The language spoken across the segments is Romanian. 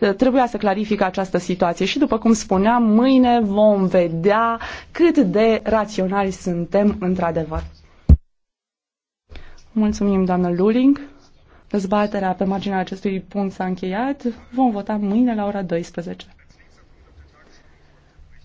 Eh, trebuia să clarifică această situație și, după cum spuneam, mâine vom vedea cât de raționali suntem într-adevăr. Mulțumim, doamnă Luling. Dezbaterea pe marginea acestui punct s-a încheiat. Vom vota mâine la ora 12.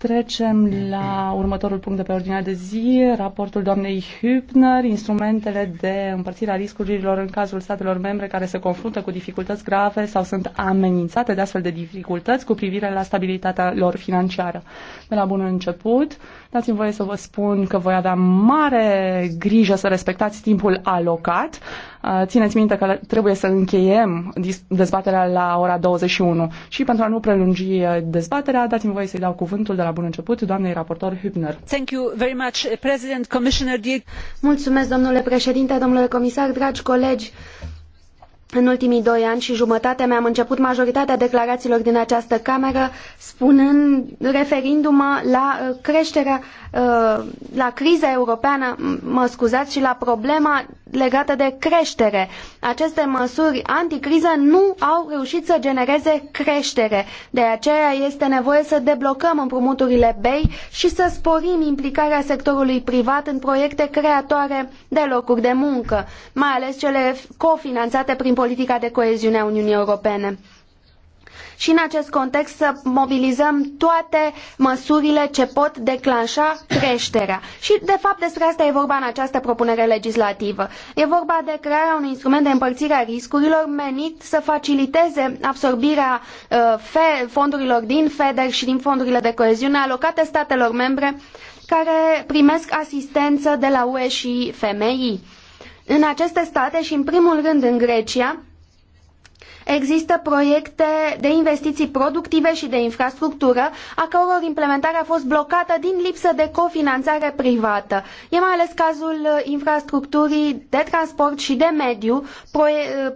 Trecem la următorul punct de pe ordinea de zi, raportul doamnei Hübner, instrumentele de împărțire a riscurilor în cazul statelor membre care se confruntă cu dificultăți grave sau sunt amenințate de astfel de dificultăți cu privire la stabilitatea lor financiară. De la bun început, dați-mi voie să vă spun că voi avea mare grijă să respectați timpul alocat. Uh, țineți minte că trebuie să încheiem dezbaterea la ora 21 și pentru a nu prelungi uh, dezbaterea, dați-mi voie să-i dau cuvântul de la bun început doamnei raportor Hübner. Thank you very much, uh, President, Commissioner. Mulțumesc, domnule președinte, domnule comisar, dragi colegi. În ultimii doi ani și jumătate mi-am început majoritatea declarațiilor din această cameră spunând, referindu-mă la creșterea, la criza europeană, mă scuzați, și la problema legată de creștere. Aceste măsuri anticriză nu au reușit să genereze creștere. De aceea este nevoie să deblocăm împrumuturile BEI și să sporim implicarea sectorului privat în proiecte creatoare de locuri de muncă, mai ales cele cofinanțate prin politica de coeziune a Uniunii Europene și în acest context să mobilizăm toate măsurile ce pot declanșa creșterea. Și de fapt despre asta e vorba în această propunere legislativă. E vorba de crearea unui instrument de împărțire a riscurilor menit să faciliteze absorbirea uh, fondurilor din FEDER și din fondurile de coeziune alocate statelor membre care primesc asistență de la UE și FMI. În aceste state și în primul rând în Grecia, Există proiecte de investiții productive și de infrastructură, a căror implementare a fost blocată din lipsă de cofinanțare privată. E mai ales cazul infrastructurii de transport și de mediu,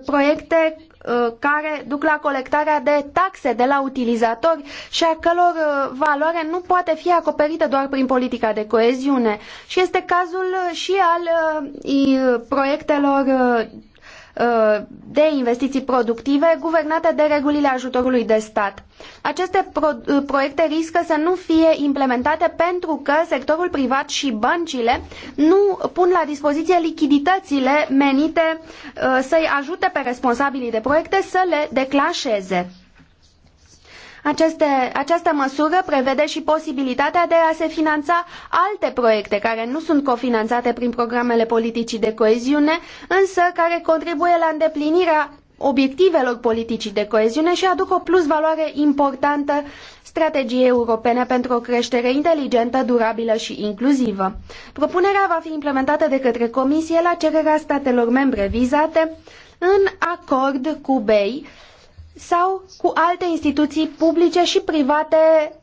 proiecte uh, care duc la colectarea de taxe de la utilizatori și a călor uh, valoare nu poate fi acoperită doar prin politica de coeziune. Și este cazul și al uh, proiectelor Uh, de investiții productive guvernate de regulile ajutorului de stat. Aceste pro uh, proiecte riscă să nu fie implementate pentru că sectorul privat și băncile nu pun la dispoziție lichiditățile menite uh, să-i ajute pe responsabilii de proiecte să le declanșeze. Aceste, această măsură prevede și posibilitatea de a se finanța alte proiecte care nu sunt cofinanțate prin programele politicii de coeziune, însă care contribuie la îndeplinirea obiectivelor politicii de coeziune și aduc o plusvaloare importantă strategiei europene pentru o creștere inteligentă, durabilă și inclusivă. Propunerea va fi implementată de către Comisie la cererea statelor membre vizate în acord cu BEI sau cu alte instituții publice și private,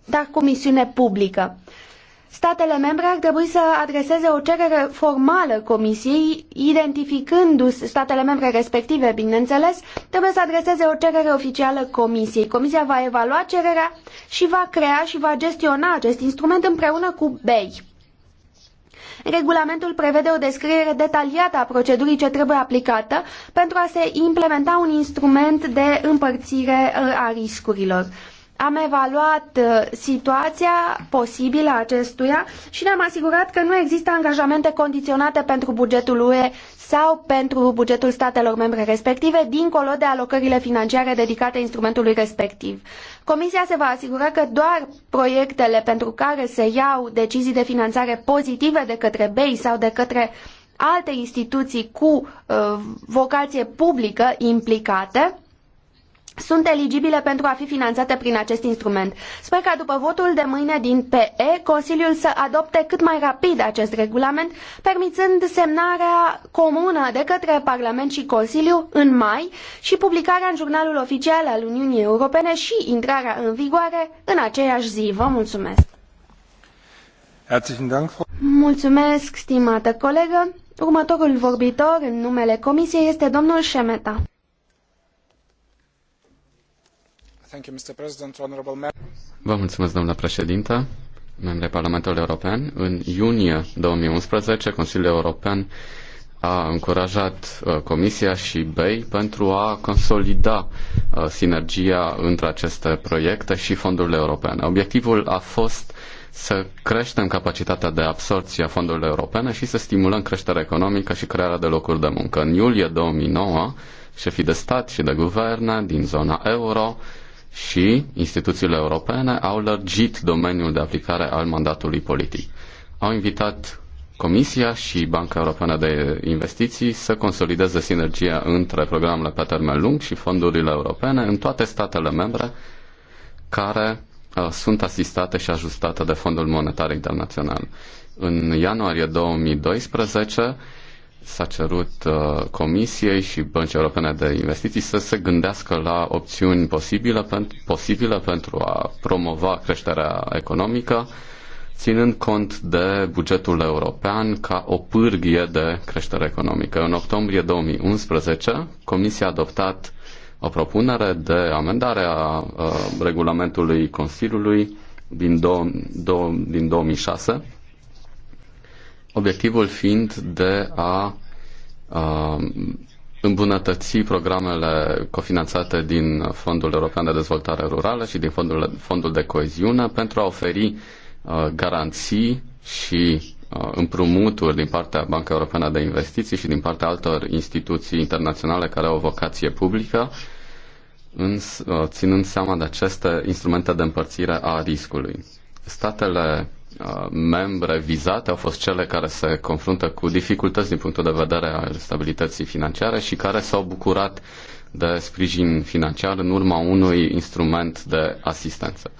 dar cu misiune publică. Statele membre ar trebui să adreseze o cerere formală Comisiei, identificându-se, statele membre respective, bineînțeles, trebuie să adreseze o cerere oficială Comisiei. Comisia va evalua cererea și va crea și va gestiona acest instrument împreună cu BEI. Regulamentul prevede o descriere detaliată a procedurii ce trebuie aplicată pentru a se implementa un instrument de împărțire uh, a riscurilor. Am evaluat uh, situația posibilă a acestuia și ne-am asigurat că nu există angajamente condiționate pentru bugetul UE sau pentru bugetul statelor membre respective, dincolo de alocările financiare dedicate instrumentului respectiv. Comisia se va asigura că doar proiectele pentru care se iau decizii de finanțare pozitive de către BEI sau de către alte instituții cu uh, vocație publică implicate sunt eligibile pentru a fi finanțate prin acest instrument. Sper ca după votul de mâine din PE, Consiliul să adopte cât mai rapid acest regulament, permițând semnarea comună de către Parlament și Consiliu în mai și publicarea în jurnalul oficial al Uniunii Europene și intrarea în vigoare în aceeași zi. Vă mulțumesc! Mulțumesc, stimată colegă! Următorul vorbitor în numele Comisiei este domnul Șemeta. Vă mulțumesc, domnule președinte, membre Parlamentului European. În iunie 2011, Consiliul European a încurajat uh, Comisia și BEI pentru a consolida uh, sinergia între aceste proiecte și fondurile europene. Obiectivul a fost să creștem capacitatea de absorție a fondurilor europene și să stimulăm creșterea economică și crearea de locuri de muncă. În iulie 2009, șefii de stat și de guverne din zona euro și instituțiile europene au lărgit domeniul de aplicare al mandatului politic. Au invitat Comisia și Banca Europeană de Investiții să consolideze sinergia între programele pe termen lung și fondurile europene în toate statele membre care uh, sunt asistate și ajustate de Fondul Monetar Internațional. În ianuarie 2012, s-a cerut uh, Comisiei și Băncii Europene de Investiții să se gândească la opțiuni posibile, posibile pentru a promova creșterea economică, ținând cont de bugetul european ca o pârghie de creștere economică. În octombrie 2011, Comisia a adoptat o propunere de amendare a uh, regulamentului Consiliului din, do, do, din 2006 obiectivul fiind de a um, îmbunătăți programele cofinanțate din Fondul European de Dezvoltare Rurală și din Fondul, Fondul de Coeziune pentru a oferi uh, garanții și uh, împrumuturi din partea Banca Europeană de Investiții și din partea altor instituții internaționale care au o vocație publică, uh, ținând seama de aceste instrumente de împărțire a riscului. Statele Uh, membre vizate au fost cele care se confruntă cu dificultăți din punctul de vedere al stabilității financiare și care s-au bucurat de sprijin financiar în urma unui instrument de asistență.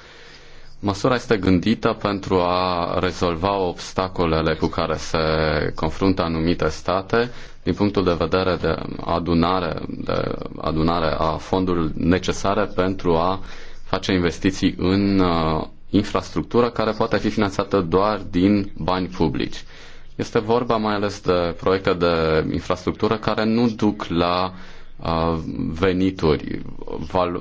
Măsura este gândită pentru a rezolva obstacolele cu care se confruntă anumite state din punctul de vedere de adunare, de adunare a fondurilor necesare pentru a face investiții în uh, infrastructură care poate fi finanțată doar din bani publici. Este vorba mai ales de proiecte de infrastructură care nu duc la uh, venituri. Val-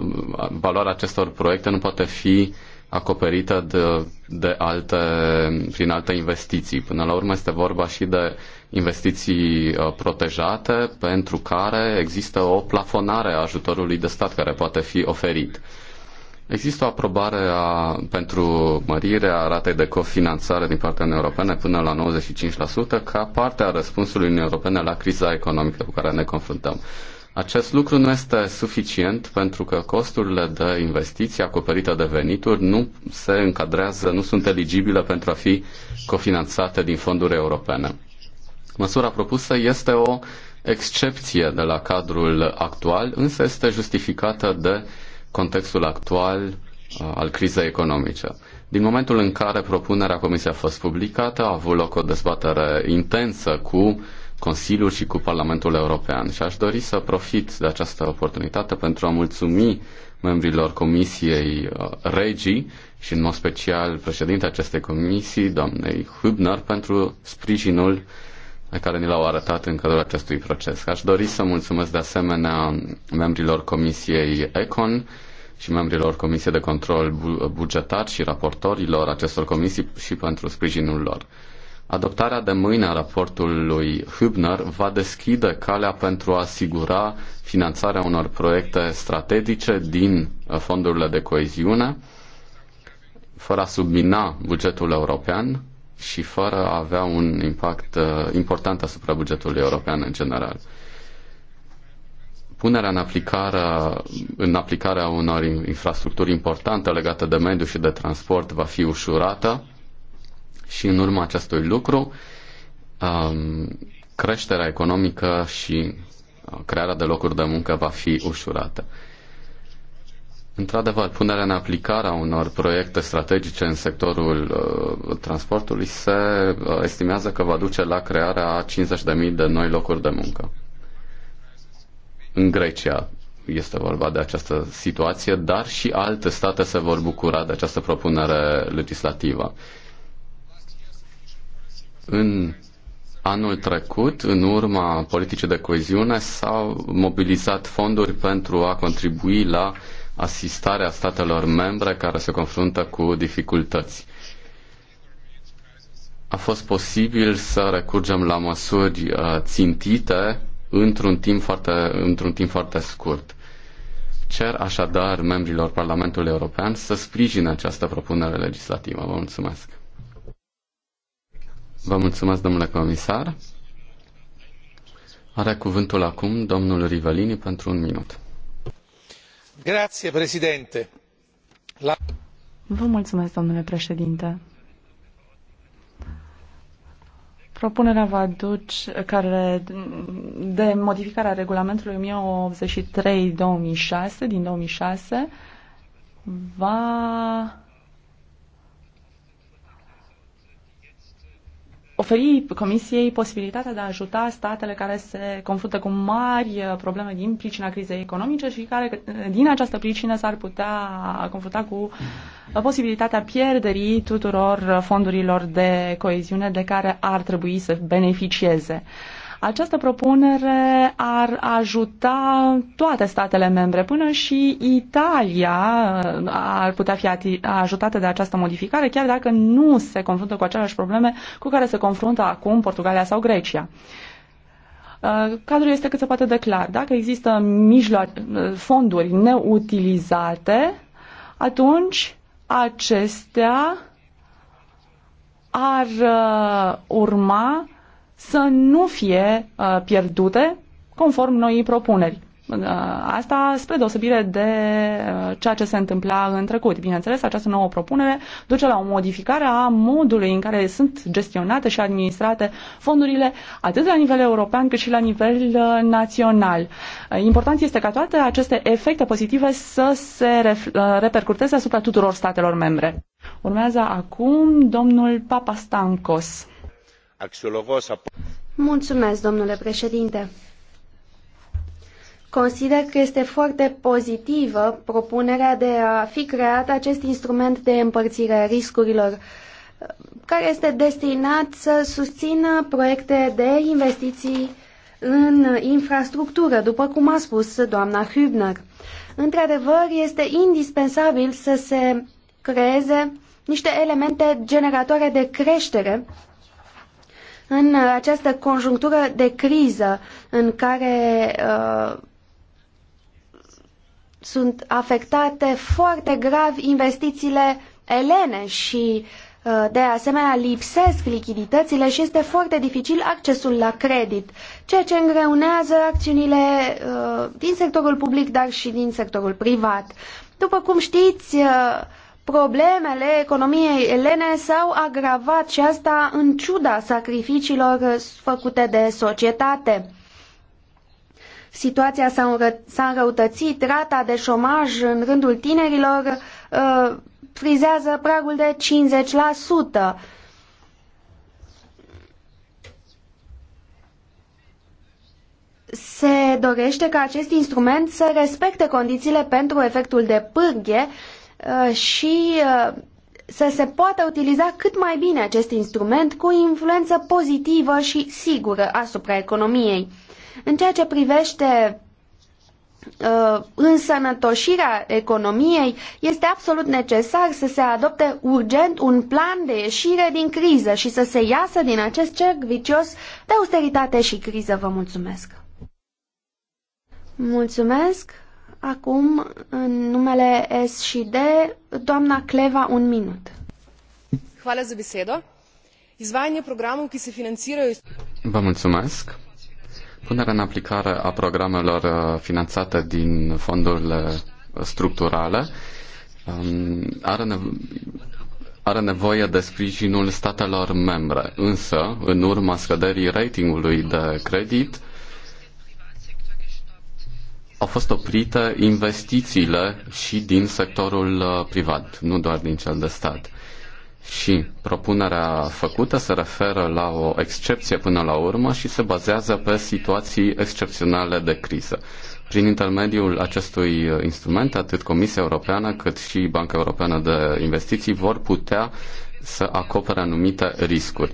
valoarea acestor proiecte nu poate fi acoperită de, de alte, prin alte investiții. Până la urmă este vorba și de investiții uh, protejate pentru care există o plafonare a ajutorului de stat care poate fi oferit. Există o aprobare a, pentru mărirea ratei de cofinanțare din partea Uniunii Europene până la 95% ca parte a răspunsului Uniunii Europene la criza economică cu care ne confruntăm. Acest lucru nu este suficient pentru că costurile de investiții acoperite de venituri nu se încadrează, nu sunt eligibile pentru a fi cofinanțate din fonduri europene. Măsura propusă este o excepție de la cadrul actual, însă este justificată de uh, contextul actual uh, al crizei economice. Din momentul în care propunerea Comisiei a fost publicată, a avut loc o dezbatere intensă cu Consiliul și cu Parlamentul European și aș dori să profit de această oportunitate pentru a mulțumi membrilor Comisiei uh, Regii și în mod special președintele acestei comisii, doamnei Hübner, pentru sprijinul care ni l-au arătat în cadrul acestui proces. Aș dori să mulțumesc de asemenea membrilor Comisiei ECON și membrilor Comisiei de Control Bugetar și raportorilor acestor comisii și pentru sprijinul lor. Adoptarea de mâine a raportului Hübner va deschide calea pentru a asigura finanțarea unor proiecte strategice din uh, fondurile de coeziune, fără a submina bugetul european și fără a avea un impact uh, important asupra bugetului european în general. Punerea în aplicare, în aplicare a unor infrastructuri importante legate de mediu și de transport va fi ușurată și în urma acestui lucru um, creșterea economică și uh, crearea de locuri de muncă va fi ușurată. Într-adevăr, punerea în aplicare a unor proiecte strategice în sectorul uh, transportului se uh, estimează că va duce la crearea a 50.000 de noi locuri de muncă. În Grecia este vorba de această situație, dar și alte state se vor bucura de această propunere legislativă. În Anul trecut, în urma politicii de coeziune, s-au mobilizat fonduri pentru a contribui la uh, asistare a statelor membre care se confruntă cu dificultăți. A fost posibil să recurgem la măsuri uh, țintite într-un timp foarte, într-un timp foarte scurt. Cer așadar membrilor Parlamentului European să sprijine această propunere legislativă. Vă mulțumesc. Vă mulțumesc, domnule comisar. Are cuvântul acum domnul Rivelini pentru un minut mulțumesc, domnule președinte. Propunerea va aduce care de modificare a regulamentului 1083-2006 din 2006 va oferi Comisiei posibilitatea de a ajuta statele care se confruntă cu mari uh, probleme din pricina crizei economice și care uh, din această pricină s-ar putea confrunta cu uh, posibilitatea pierderii tuturor fondurilor de coeziune de care ar trebui să beneficieze. Uh, această propunere ar ajuta toate statele membre, până și Italia uh, ar putea fi ajutată de această modificare, chiar dacă nu se confruntă cu aceleași probleme cu care se confruntă acum Portugalia sau Grecia. Uh, cadrul este cât se poate de clar. Dacă există mijloace, uh, fonduri neutilizate, atunci acestea ar urma să nu fie uh, pierdute conform noii propuneri. Uh, asta spre deosebire de uh, ceea ce se întâmpla în trecut. Bineînțeles, această nouă propunere duce la o modificare a modului în care sunt gestionate și administrate fondurile atât la nivel european cât și la nivel național. Important este ca toate aceste efecte pozitive să se repercuteze asupra tuturor statelor membre. Urmează acum domnul Papastankos domnule președinte. Consider că este foarte pozitivă propunerea de a fi creat acest instrument de împărire a riscurilor, care este destinat să susțină proiecte de investiții în infrastructură, după cum a spus doamna Hübner. Într-adevăr, este indispensabil să se creeze niște elemente generatoare de creștere în uh, această conjunctură de criză în care uh, sunt afectate foarte grav investițiile elene și uh, de asemenea lipsesc lichiditățile și este foarte dificil accesul la credit, ceea ce îngreunează acțiunile uh, din sectorul public, dar și din sectorul privat. După cum știți, uh, Problemele economiei elene s-au agravat și asta în ciuda sacrificiilor făcute de societate. Situația s-a, înră- înrăutățit, rata de șomaj în rândul tinerilor uh, frizează pragul de 50%. se dorește ca acest instrument să respecte condițiile pentru efectul de pârghie Uh, și uh, să se poată utiliza cât mai bine acest instrument cu influență pozitivă și sigură asupra economiei. În ceea ce privește uh, însănătoșirea economiei, este absolut necesar să se adopte urgent un plan de ieșire din criză și să se iasă din acest cerc vicios de austeritate și criză. Vă mulțumesc! Mulțumesc! Acum, în numele S și D, doamna Cleva, un minut. Hvala za besedo. Izvajanje programov, ki se financirajo... Vă mulțumesc. Punerea în aplicare a programelor uh, finanțate din fondurile structurale um, are, nevo- are nevoie de sprijinul statelor membre, însă, în urma scăderii ratingului de credit, au fost oprite investițiile și din sectorul uh, privat, nu doar din cel de stat. Și propunerea făcută se referă la o excepție până la urmă și se bazează pe situații excepționale de criză. Prin intermediul acestui uh, instrument, atât Comisia Europeană cât și Banca Europeană de Investiții vor putea să acopere anumite riscuri.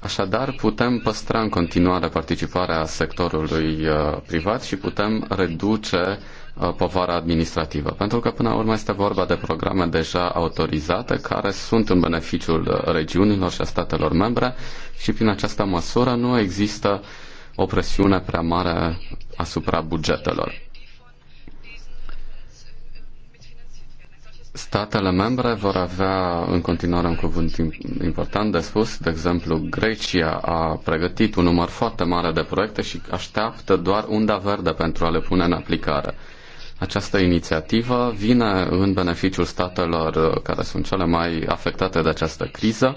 Așadar, putem păstra în continuare participarea sectorului uh, privat și putem reduce uh, povara administrativă. Pentru că, până la urmă, este vorba de programe deja autorizate care sunt în beneficiul uh, regiunilor și a statelor membre și, prin această măsură, nu există o presiune prea mare asupra bugetelor. Statele membre vor avea în continuare un cuvânt important de spus. De exemplu, Grecia a pregătit un număr foarte mare de proiecte și așteaptă doar unda verde pentru a le pune în aplicare. Această inițiativă vine în beneficiul statelor uh, care sunt cele mai afectate de această criză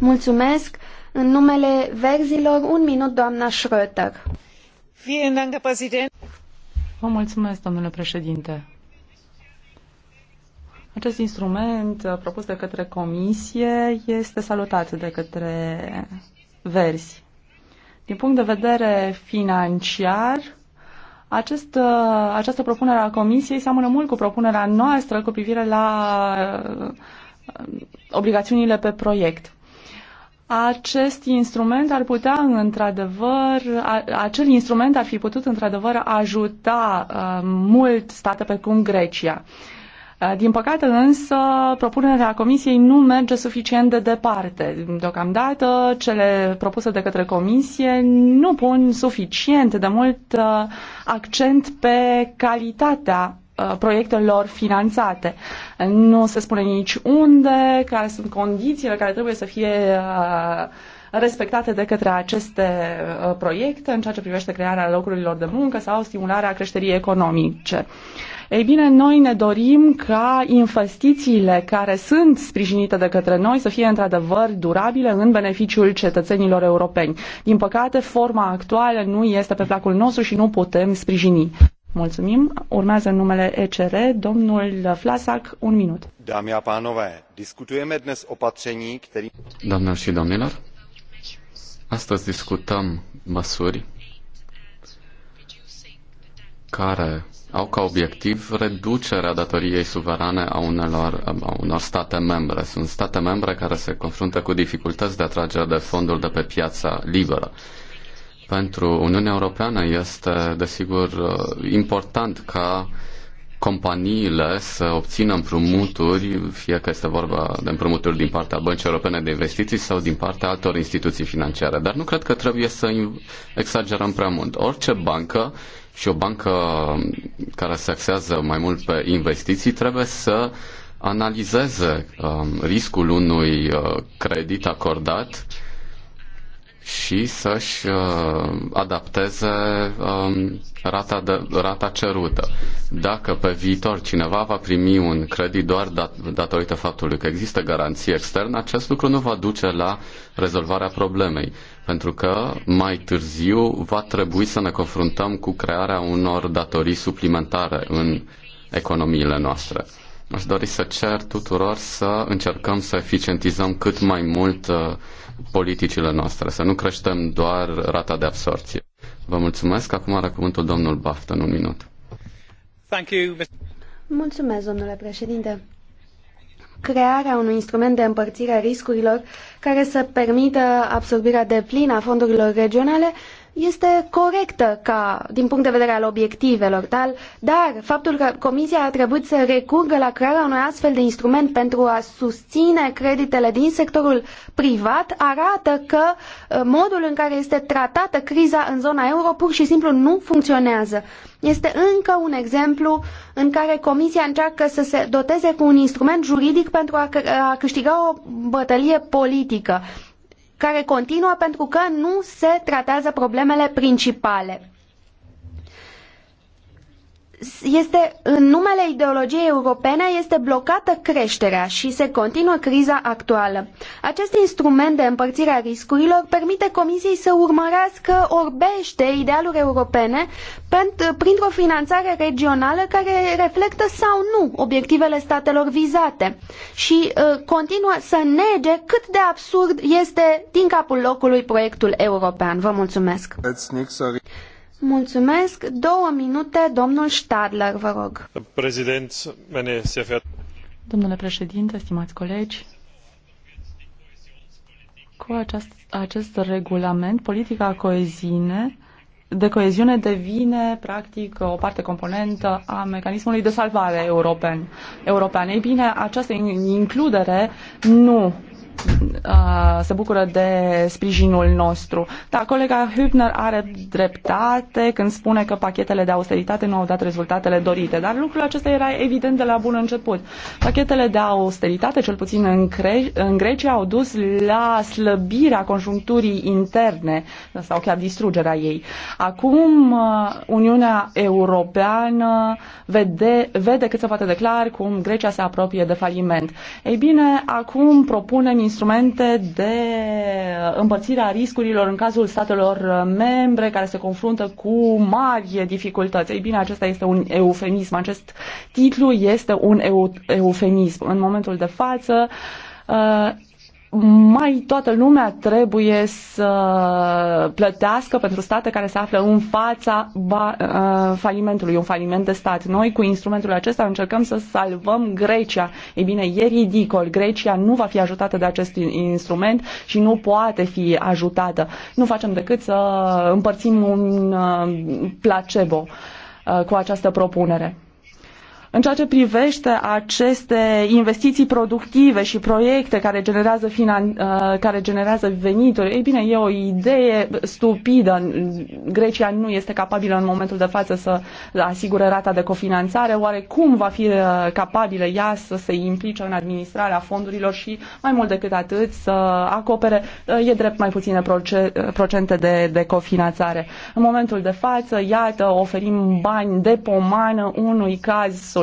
Mulțumesc. În numele verzilor, un minut, doamna Schröter. Vă mulțumesc, domnule președinte. Acest instrument uh, propus de către Comisie este salutat de către verzi. Din punct de vedere financiar, acest, uh, această propunere a Comisiei seamănă mult cu propunerea noastră cu privire la uh, obligațiunile pe proiect. Acest instrument ar putea, într-adevăr, acel instrument ar fi putut, într-adevăr, ajuta uh, mult state precum Grecia. Uh, Eh, din păcate însă, propunerea Comisiei nu merge suficient de departe. Deocamdată, cele propuse de către Comisie nu pun suficient de mult eh, accent pe calitatea eh, proiectelor finanțate. Nu se spune nici unde, care sunt condițiile care trebuie să fie respectate de către aceste proiecte în ceea ce privește crearea locurilor de muncă sau stimularea creșterii economice. Ei bine, noi ne dorim ca investițiile care sunt sprijinite de către noi să fie într-adevăr durabile în beneficiul cetățenilor europeni. Din păcate, forma actuală nu este pe placul nostru și nu putem sprijini. Mulțumim. Urmează numele ECR, domnul Flasac, un minut. Dami a panove, discutăm dnes opatření, který... Doamnelor și domnilor, astăzi discutăm măsuri care au ca obiectiv reducerea datoriei suverane a unor, a unor state membre. Sunt state membre care se confruntă cu dificultăți de atragere de fonduri de pe piața liberă. Pentru Uniunea Europeană este, desigur, important ca companiile să obțină împrumuturi, fie că este vorba de împrumuturi din partea Băncii Europene de Investiții sau din partea altor instituții financiare. Dar nu cred că trebuie să exagerăm prea mult. Orice bancă și o bancă care se axează mai mult pe investiții trebuie să analizeze um, riscul unui uh, credit acordat și să-și uh, adapteze um, rata, de, rata cerută. Dacă pe viitor cineva va primi un credit doar dat, datorită faptului că există garanții externe, acest lucru nu va duce la rezolvarea problemei, pentru că mai târziu va trebui să ne confruntăm cu crearea unor datorii suplimentare în economiile noastre. Aș dori să cer tuturor să încercăm să eficientizăm cât mai mult uh, politicile noastre, să nu creștem doar rata de absorție. Vă mulțumesc. Acum are cuvântul domnul Baftă în un minut. Thank you. Mulțumesc, domnule președinte. Crearea unui instrument de împărțire a riscurilor care să permită absorbirea de plină a fondurilor regionale este corectă ca, din punct de vedere al obiectivelor, dar, dar faptul că Comisia a trebuit să recurgă la crearea unui astfel de instrument pentru a susține creditele din sectorul privat arată că uh, modul în care este tratată criza în zona euro pur și simplu nu funcționează. Este încă un exemplu în care Comisia încearcă să se doteze cu un instrument juridic pentru a, câștiga o bătălie politică care continuă pentru că nu se tratează problemele principale este în numele ideologiei europene este blocată creșterea și se continuă criza actuală. Acest instrument de împărțire a riscurilor permite Comisiei să urmărească orbește idealuri europene printr-o finanțare regională care reflectă sau nu obiectivele statelor vizate și uh, continuă să nege cât de absurd este din capul locului proiectul european. Vă mulțumesc! Mulțumesc. Două minute, domnul Stadler, vă rog. Prezident, Domnule președinte, stimați colegi, cu aceast, acest regulament, politica coeziune, de coeziune devine practic o parte componentă a mecanismului de salvare european. european. Ei bine, această includere nu se bucură de sprijinul nostru. Da, colega Hübner are dreptate când spune că pachetele de austeritate nu au dat rezultatele dorite, dar lucrul acesta era evident de la bun început. Pachetele de austeritate, cel puțin în, Cre- în Grecia, au dus la slăbirea conjuncturii interne sau chiar distrugerea ei. Acum Uniunea Europeană vede, vede cât se poate declar cum Grecia se apropie de faliment. Ei bine, acum propunem instrumente de împărțire a riscurilor în cazul statelor membre care se confruntă cu mari dificultăți. Ei bine, acesta este un eufemism. Acest titlu este un eufemism. În momentul de față, uh, mai toată lumea trebuie să plătească pentru state care se află în fața ba, uh, falimentului, un faliment de stat. Noi cu instrumentul acesta încercăm să salvăm Grecia. Ei bine, e ridicol. Grecia nu va fi ajutată de acest instrument și nu poate fi ajutată. Nu facem decât să împărțim un uh, placebo uh, cu această propunere. În ceea ce privește aceste investiții productive și proiecte care generează, finan- uh, care generează venituri, ei bine, e o idee stupidă. Grecia nu este capabilă în momentul de față să asigure rata de cofinanțare. Oare cum va fi uh, capabilă ea să se implice în administrarea fondurilor și, mai mult decât atât, să acopere, uh, e drept, mai puține procente de, de cofinanțare? În momentul de față, iată, oferim bani de pomană unui caz social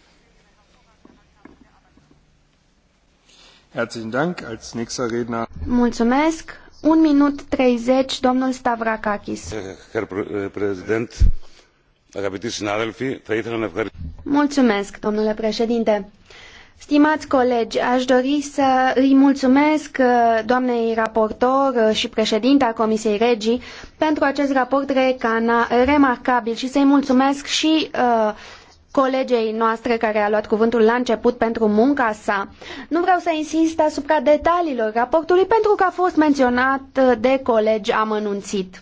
Mulțumesc. Un minut 30, domnul Stavrakakis. Eh, Prezident, Mulțumesc, domnule președinte. Stimați colegi, aș dori să îi mulțumesc eh, doamnei raportor eh, și președinte a Comisiei Regii pentru acest raport remarcabil și să-i mulțumesc și uh, colegei noastre care a luat cuvântul la început pentru munca sa. Nu vreau să insist asupra detaliilor raportului pentru că a fost menționat de colegi amănunțit.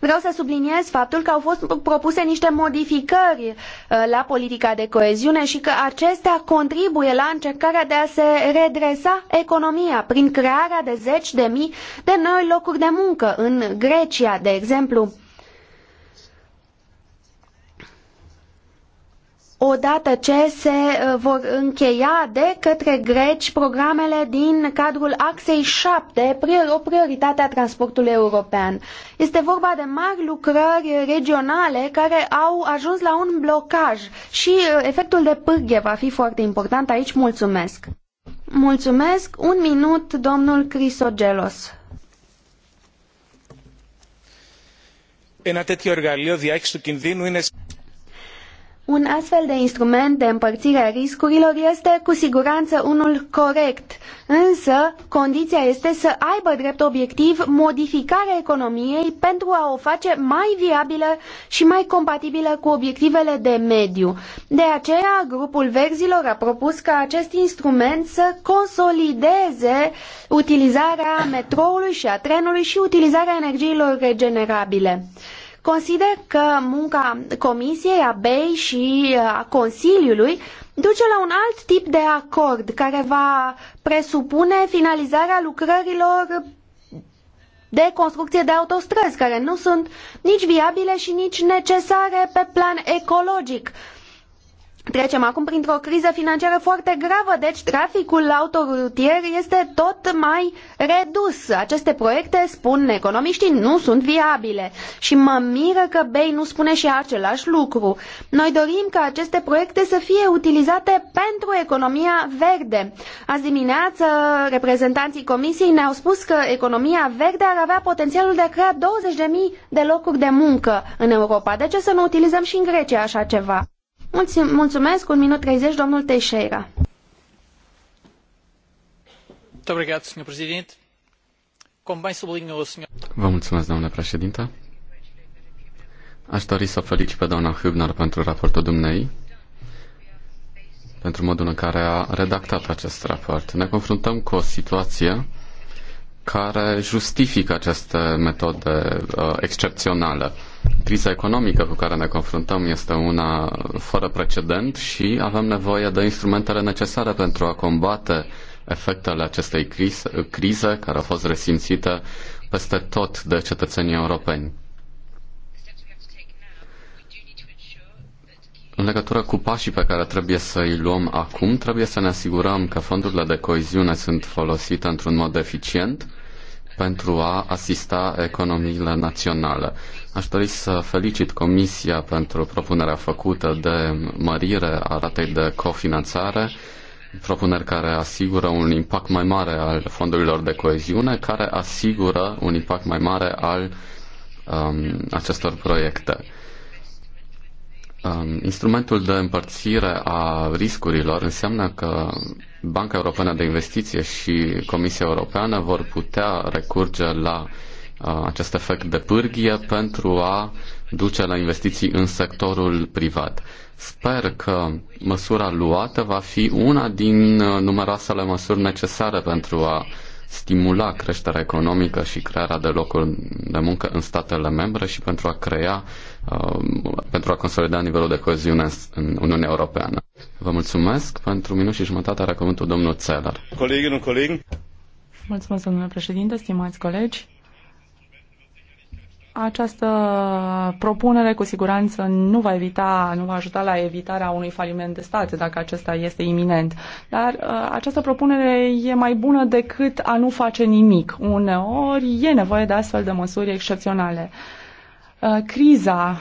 Vreau să subliniez faptul că au fost propuse niște modificări uh, la politica de coeziune și că acestea contribuie la încercarea de a se redresa economia prin crearea de zeci de mii de noi locuri de muncă în Grecia, de exemplu odată ce se uh, vor încheia de către greci programele din cadrul axei 7, o prioritate a transportului european. Este vorba de mari lucrări regionale care au ajuns la un blocaj și uh, efectul de pârghie va fi foarte important aici. Mulțumesc! Mulțumesc! Un minut, domnul Crisogelos. Ένα τέτοιο εργαλείο διάχυση του κινδύνου είναι un astfel de instrument de împărțire a riscurilor este cu siguranță unul corect, însă condiția este să aibă drept obiectiv modificarea economiei pentru a o face mai viabilă și mai compatibilă cu obiectivele de mediu. De aceea, grupul verzilor a propus ca acest instrument să consolideze utilizarea metroului și a trenului și utilizarea energiilor regenerabile. Consider că munca Comisiei, a BEI și a Consiliului duce la un alt tip de acord care va presupune finalizarea lucrărilor de construcție de autostrăzi, care nu sunt nici viabile și nici necesare pe plan ecologic. Trecem acum printr-o criză financiară foarte gravă, deci traficul autorutier este tot mai redus. Aceste proiecte, spun economiștii, nu sunt viabile și mă miră că BEI nu spune și același lucru. Noi dorim ca aceste proiecte să fie utilizate pentru economia verde. Azi dimineață, reprezentanții Comisiei ne-au spus că economia verde ar avea potențialul de a crea 20.000 de locuri de muncă în Europa. De ce să nu utilizăm și în Grecia așa ceva? Mulțumesc, un minut 30, domnul Teixeira. Vă mulțumesc, domnule președinte. Aș dori să o felicit pe doamna Hübner pentru raportul dumnei, pentru modul în care a redactat acest raport. Ne confruntăm cu o situație care justifică aceste metode uh, excepționale. Criza economică cu care ne confruntăm este una fără precedent și avem nevoie de instrumentele necesare pentru a combate efectele acestei crize, crize care au fost resimțite peste tot de cetățenii europeni. În legătură cu pașii pe care trebuie să îi luăm acum, trebuie să ne asigurăm că fondurile de coeziune sunt folosite într-un mod eficient pentru a asista economiile naționale. Aș dori să felicit Comisia pentru propunerea făcută de mărire a ratei de cofinanțare, propuneri care asigură un impact mai mare al fondurilor de coeziune, care asigură un impact mai mare al um, acestor proiecte. Um, instrumentul de împărțire a riscurilor înseamnă că Banca Europeană de Investiție și Comisia Europeană vor putea recurge la uh, acest efect de pârghie pentru a duce la investiții în sectorul privat. Sper că măsura luată va fi una din uh, numeroasele măsuri necesare pentru a stimula creșterea economică și crearea de locuri de muncă în statele membre și pentru a crea, uh, pentru a consolida nivelul de coeziune în Uniunea Europeană. Vă mulțumesc pentru minut și jumătate are cuvântul domnul Țeler. Colegii, nu colegi. Mulțumesc, domnule președinte, stimați colegi. Această propunere cu siguranță nu va evita, nu va ajuta la evitarea unui faliment de stat, dacă acesta este iminent. Dar uh, această propunere e mai bună decât a nu face nimic. Uneori e nevoie de astfel de măsuri excepționale. Uh, criza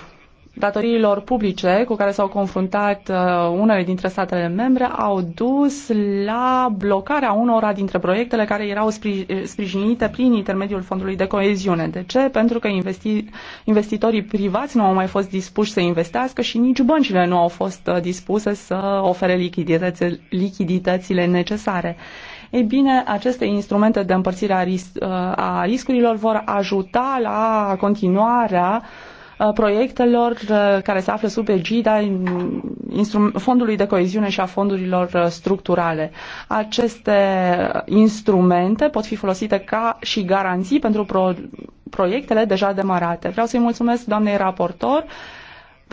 datoriilor publice cu care s-au confruntat uh, unele dintre statele membre au dus la blocarea unora dintre proiectele care erau eh, sprijinite prin intermediul fondului de coeziune. De ce? Pentru că investi- investitorii privați nu au mai fost dispuși să investească și nici băncile nu au fost uh, dispuse să ofere lichidități- lichiditățile necesare. Ei bine, aceste instrumente de împărțire a, ris- uh, a riscurilor vor ajuta la continuarea uh, Uh, proiectelor uh, care se află sub egida Fondului de Coeziune și a fondurilor uh, structurale. Aceste instrumente pot fi folosite ca și garanții pentru pro- proiectele deja demarate. Vreau să-i mulțumesc doamnei raportor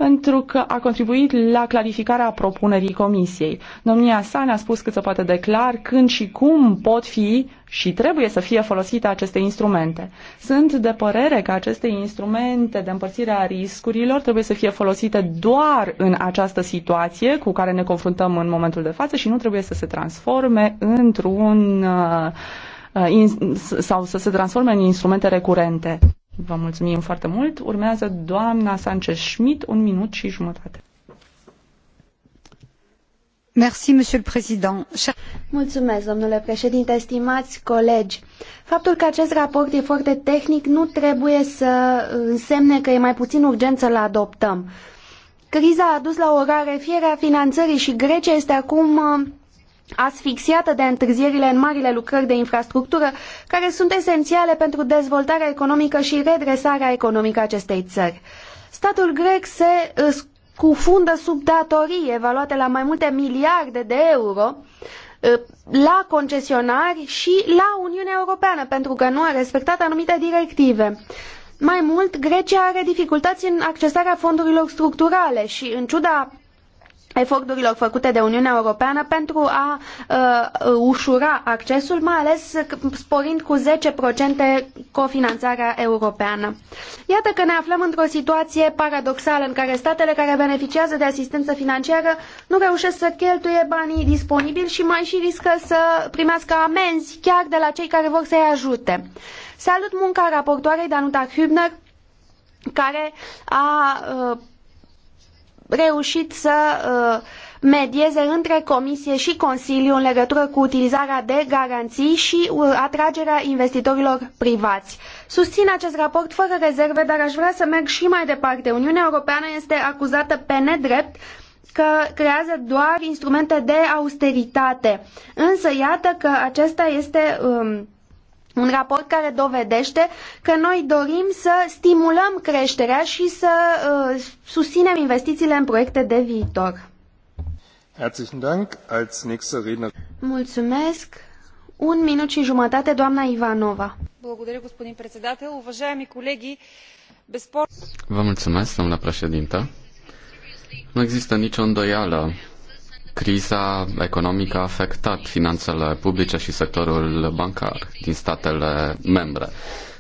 pentru că a contribuit la clarificarea propunerii comisiei. Domnia sa ne-a spus cât se poate de clar când și cum pot fi și trebuie să fie folosite aceste instrumente. Sunt de părere că aceste instrumente de împărțire a riscurilor trebuie să fie folosite doar în această situație cu care ne confruntăm în momentul de față și nu trebuie să se transforme într-un uh, uh sau să se transforme în instrumente recurente. Vă mulțumim foarte mult. Urmează doamna Sanchez Schmidt, un minut și jumătate. Mulțumesc, domnule președinte, stimați colegi. Faptul că acest raport e foarte tehnic nu trebuie să însemne că e mai puțin urgent să-l adoptăm. Criza a dus la o rarefiere a finanțării și Grecia este acum uh, asfixiată de întârzierile în marile lucrări de infrastructură care sunt esențiale pentru dezvoltarea economică și redresarea economică a acestei țări. Statul grec se scufundă sub datorii evaluate la mai multe miliarde de euro la concesionari și la Uniunea Europeană pentru că nu a respectat anumite directive. Mai mult, Grecia are dificultăți în accesarea fondurilor structurale și, în ciuda eforturilor făcute de Uniunea Europeană pentru a uh, ușura accesul, mai ales sporind cu 10% cofinanțarea europeană. Iată că ne aflăm într-o situație paradoxală în care statele care beneficiază de asistență financiară nu reușesc să cheltuie banii disponibili și mai și riscă să primească amenzi chiar de la cei care vor să-i ajute. Salut munca raportoarei Danuta Hübner care a uh, reușit să uh, medieze între Comisie și Consiliu în legătură cu utilizarea de garanții și uh, atragerea investitorilor privați. Susțin acest raport fără rezerve, dar aș vrea să merg și mai departe. Uniunea Europeană este acuzată pe nedrept că creează doar instrumente de austeritate. Însă iată că acesta este um, un raport care dovedește că noi dorim să stimulăm creșterea și să uh, susținem investițiile în proiecte de viitor. Mulțumesc. Un minut și jumătate, doamna Ivanova. Vă mulțumesc, doamna președintă. Nu există nicio îndoială Criza economică a afectat finanțele publice și sectorul bancar din statele membre.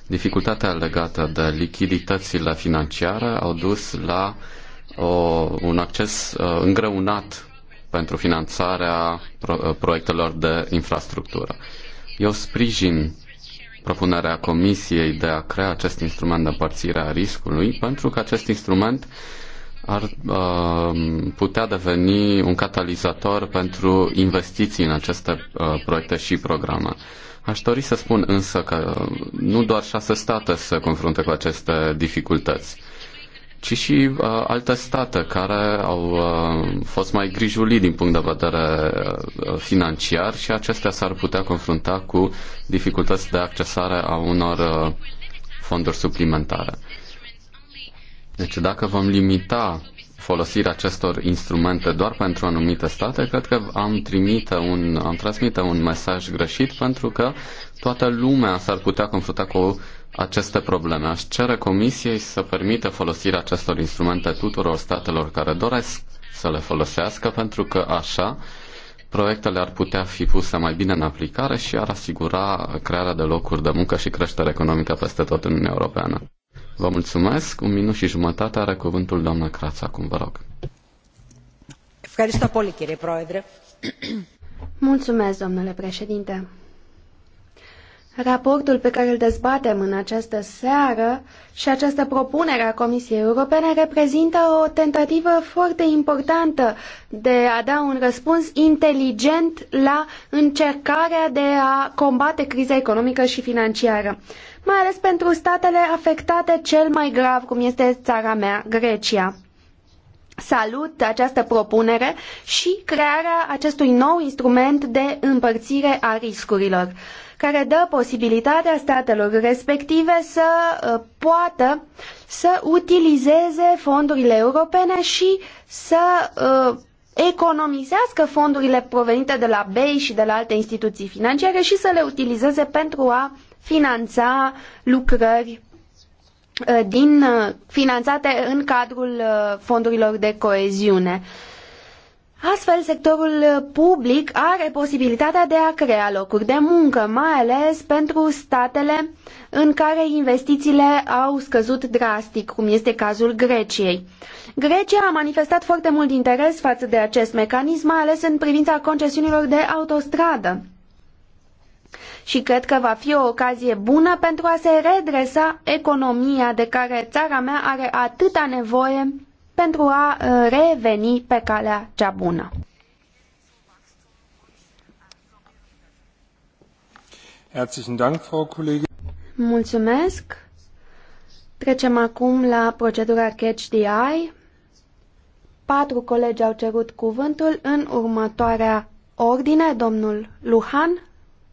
Dificultatea legată de lichiditățile financiare au dus la o, un acces uh, îngreunat pentru finanțarea pro, uh, proiectelor de infrastructură. Eu sprijin propunerea Comisiei de a crea acest instrument de împărțire a riscului pentru că acest instrument uh, ar uh, putea deveni un catalizator pentru investiții în aceste uh, proiecte și programe. Aș dori să spun însă că nu doar șase state se confruntă cu aceste dificultăți, ci și uh, alte state care au uh, fost mai grijuli din punct de vedere uh, financiar și acestea s-ar putea confrunta cu dificultăți de accesare a unor uh, fonduri suplimentare. Deci dacă vom limita folosirea acestor instrumente doar pentru anumite state, cred că am, trimite un, am transmite un mesaj greșit pentru că toată lumea s-ar putea confrunta cu aceste probleme. Aș cere Comisiei să permită folosirea acestor instrumente tuturor statelor care doresc să le folosească, pentru că așa proiectele ar putea fi puse mai bine în aplicare și ar asigura crearea de locuri de muncă și creștere economică peste tot în Uniunea Europeană. Vă mulțumesc. Un minut și jumătate are cuvântul doamna Crața, acum vă rog. Mulțumesc, domnule președinte. Raportul pe care îl dezbatem în această seară și această propunere a Comisiei Europene reprezintă o tentativă foarte importantă de a da un răspuns inteligent la încercarea de a combate criza economică și financiară mai ales pentru statele afectate cel mai grav, cum este țara mea, Grecia. Salut această propunere și crearea acestui nou instrument de împărțire a riscurilor, care dă posibilitatea statelor respective să uh, poată să utilizeze fondurile europene și să uh, economisească fondurile provenite de la BEI și de la alte instituții financiare și să le utilizeze pentru a finanța lucrări uh, din, uh, finanțate în cadrul uh, fondurilor de coeziune. Astfel, sectorul public are posibilitatea de a crea locuri de muncă, mai ales pentru statele în care investițiile au scăzut drastic, cum este cazul Greciei. Grecia a manifestat foarte mult interes față de acest mecanism, mai ales în privința concesiunilor de autostradă și cred că va fi o ocazie bună pentru a se redresa economia de care țara mea are atâta nevoie pentru a uh, reveni pe calea cea bună. Mulțumesc. Trecem acum la procedura Catch the Eye. Patru colegi au cerut cuvântul în următoarea ordine. Domnul Luhan,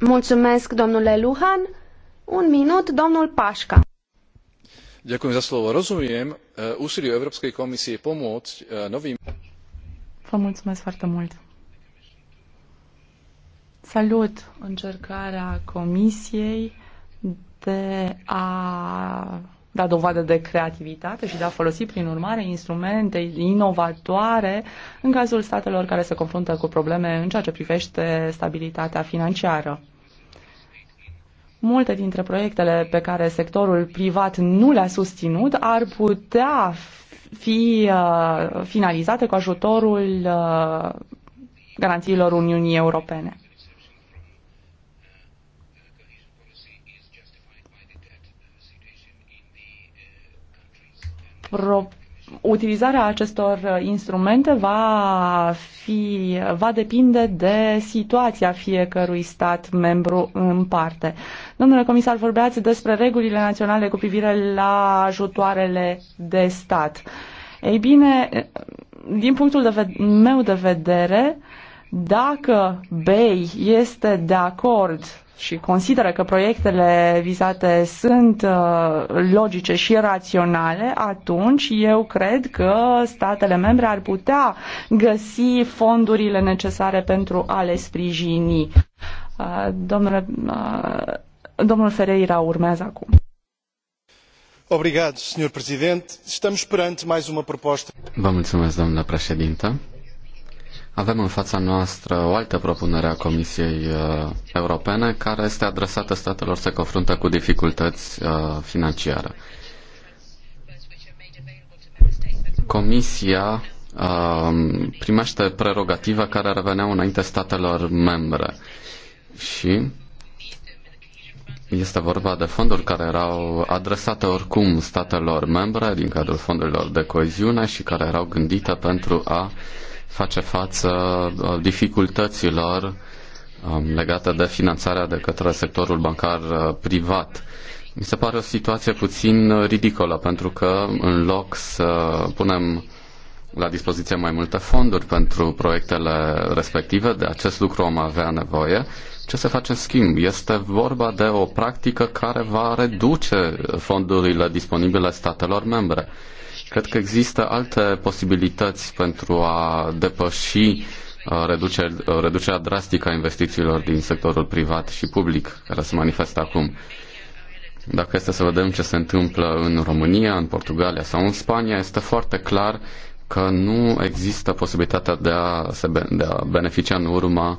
Mulțumesc, domnule Luhan. Un minut, domnul Pașca. Ďakujem za slovo. Rozumiem eh, úsiliu Európskej komisie pomôcť eh, novým... Vă mulțumesc foarte mult. Salut încercarea comisiei de a da dovadă de creativitate și de a folosi, prin urmare, instrumente inovatoare în cazul statelor care se confruntă cu probleme în ceea ce privește stabilitatea financiară. Multe dintre proiectele pe care sectorul privat nu le-a susținut ar putea fi uh, finalizate cu ajutorul uh, garanțiilor Uniunii Europene. pro- utilizarea acestor instrumente va, fi, va depinde de situația fiecărui stat membru în parte. Domnule comisar, vorbeați despre regulile naționale cu privire la ajutoarele de stat. Ei bine, din punctul de ved- meu de vedere, dacă BEI este de acord și consideră că proiectele vizate sunt uh, logice și raționale, atunci eu cred că statele membre ar putea găsi fondurile necesare pentru a le sprijini. Uh, domnule, uh, domnul Ferreira urmează acum. Obrigado, Sr. Presidente. Estamos perante mais uma proposta. Vă mulțumesc, doamnă președintă. Avem în fața noastră o altă propunere a Comisiei uh, Europene care este adresată statelor se confruntă cu dificultăți uh, financiare. Comisia uh, primește prerogative care reveneau înainte statelor membre și este vorba de fonduri care erau adresate oricum statelor membre din cadrul fondurilor de coeziune și care erau gândite pentru a uh, face față uh, dificultăților um, legate de finanțarea de către sectorul bancar uh, privat. Mi se pare o situație puțin ridicolă, pentru că în loc să punem la dispoziție mai multe fonduri pentru proiectele respective, de acest lucru am avea nevoie. Ce se face în schimb? Este vorba de o practică care va reduce fondurile disponibile statelor membre. Cred că există alte posibilități pentru a depăși uh, reduceri, uh, reducerea drastică a investițiilor din sectorul privat și public care se manifestă acum. Dacă este să vedem ce se întâmplă în România, în Portugalia sau în Spania, este foarte clar că nu există posibilitatea de a, se, de a beneficia în urma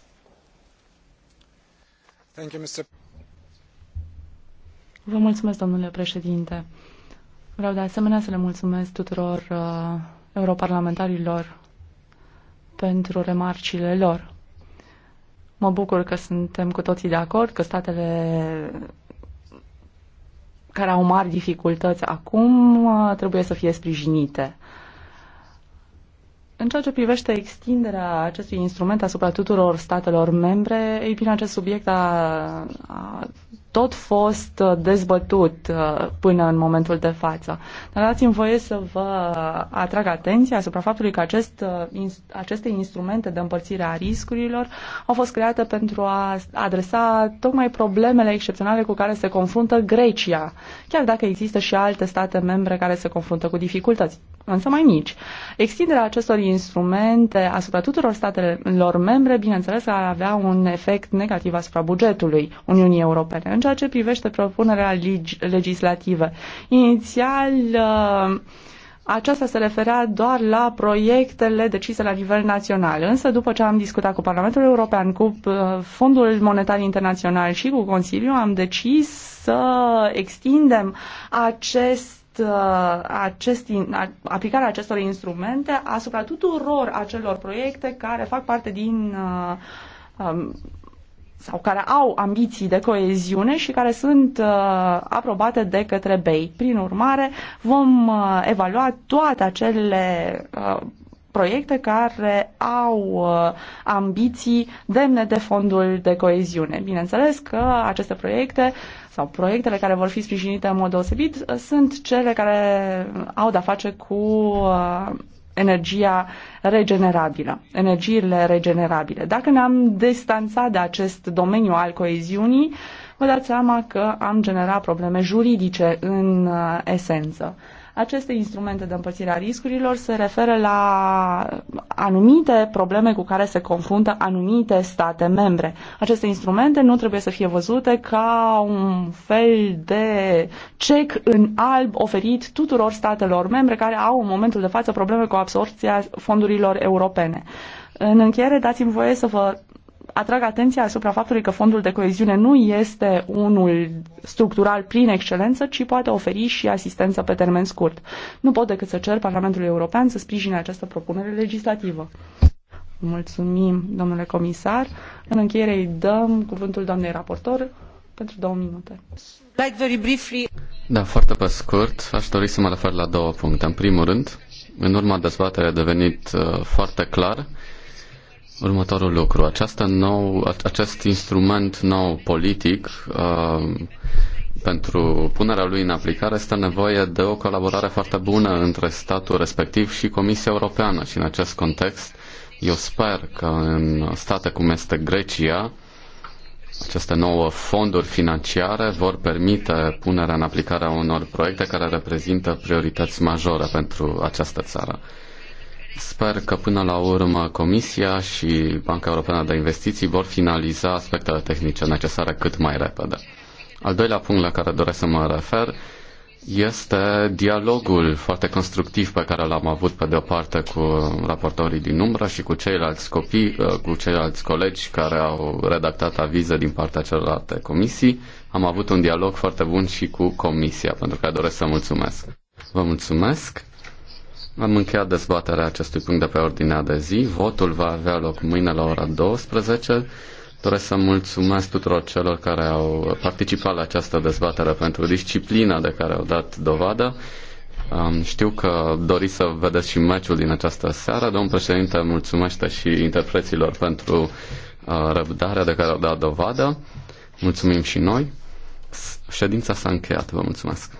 Vă mulțumesc, domnule președinte. Vreau de asemenea să le mulțumesc tuturor uh, europarlamentarilor pentru remarcile lor. Mă bucur că suntem cu toții de acord că statele care au mari dificultăți acum uh, trebuie să fie sprijinite. În ceea ce privește extinderea acestui instrument asupra tuturor statelor membre, ei bine, acest subiect a, a tot fost uh, dezbătut uh, până în momentul de față. Dar dați-mi voie să vă atrag atenția asupra faptului că acest, uh, aceste instrumente de împărțire a riscurilor au fost create pentru a adresa tocmai problemele excepționale cu care se confruntă Grecia, chiar dacă există și alte state membre care se confruntă cu dificultăți, însă mai mici. Extinderea acestor instrumente asupra tuturor statelor membre, bineînțeles, ar avea un efect negativ asupra bugetului Uniunii Europene. În ceea ce privește propunerea legislativă. Inițial, uh, aceasta se referea doar la proiectele decise la nivel național. Însă, după ce am discutat cu Parlamentul European, cu uh, Fondul Monetar Internațional și cu Consiliul, am decis să extindem acest uh, acest, aplicarea acestor instrumente asupra tuturor acelor proiecte care fac parte din uh, um, sau care au ambiții de coeziune și care sunt uh, aprobate de către BEI. Prin urmare, vom uh, evalua toate acele uh, proiecte care au uh, ambiții demne de fondul de coeziune. Bineînțeles că aceste proiecte sau proiectele care vor fi sprijinite în mod deosebit uh, sunt cele care au de-a face cu uh, energia regenerabilă, energiile regenerabile. Dacă ne-am distanțat de acest domeniu al coeziunii, vă dați seama că am generat probleme juridice în uh, esență. Aceste instrumente de împărțire a riscurilor se referă la anumite probleme cu care se confruntă anumite state membre. Aceste instrumente nu trebuie să fie văzute ca un fel de cec în alb oferit tuturor statelor membre care au în momentul de față probleme cu absorpția fondurilor europene. În încheiere, dați-mi voie să vă atrag atenția asupra faptului că fondul de coeziune nu este unul structural prin excelență, ci poate oferi și asistență pe termen scurt. Nu pot decât să cer Parlamentului European să sprijine această propunere legislativă. Mulțumim, domnule comisar. În încheiere îi dăm cuvântul doamnei raportor pentru două minute. Like very briefly. Da, foarte pe scurt, aș dori să mă refer la două puncte. În primul rând, în urma dezbaterii a devenit uh, foarte clar următorul lucru. Această nou, acest instrument nou politic uh, pentru punerea lui în aplicare este nevoie de o colaborare foarte bună între statul respectiv și Comisia Europeană și în acest context eu sper că în state cum este Grecia aceste nouă fonduri financiare vor permite punerea în aplicare a unor proiecte care reprezintă priorități majore pentru această țară. Sper că până la urmă Comisia și Banca Europeană de Investiții vor finaliza aspectele tehnice necesare cât mai repede. Al doilea punct la care doresc să mă refer este dialogul foarte constructiv pe care l-am avut pe de-o parte cu raportorii din umbră și cu ceilalți copii, uh, cu ceilalți colegi care au redactat avize din partea celorlalte comisii. Am avut un dialog foarte bun și cu comisia, pentru care doresc să mulțumesc. Vă mulțumesc. Am încheiat dezbaterea acestui punct de pe ordinea de zi. Votul va avea loc mâine la ora 12. Doresc să mulțumesc tuturor celor care au participat la această dezbatere pentru disciplina de care au dat dovadă. Știu că doriți să vedeți și meciul din această seară. Domn președinte mulțumește și interpreților pentru uh, răbdarea de care au dat dovadă. Mulțumim și noi. Ședința s-a încheiat. Vă mulțumesc.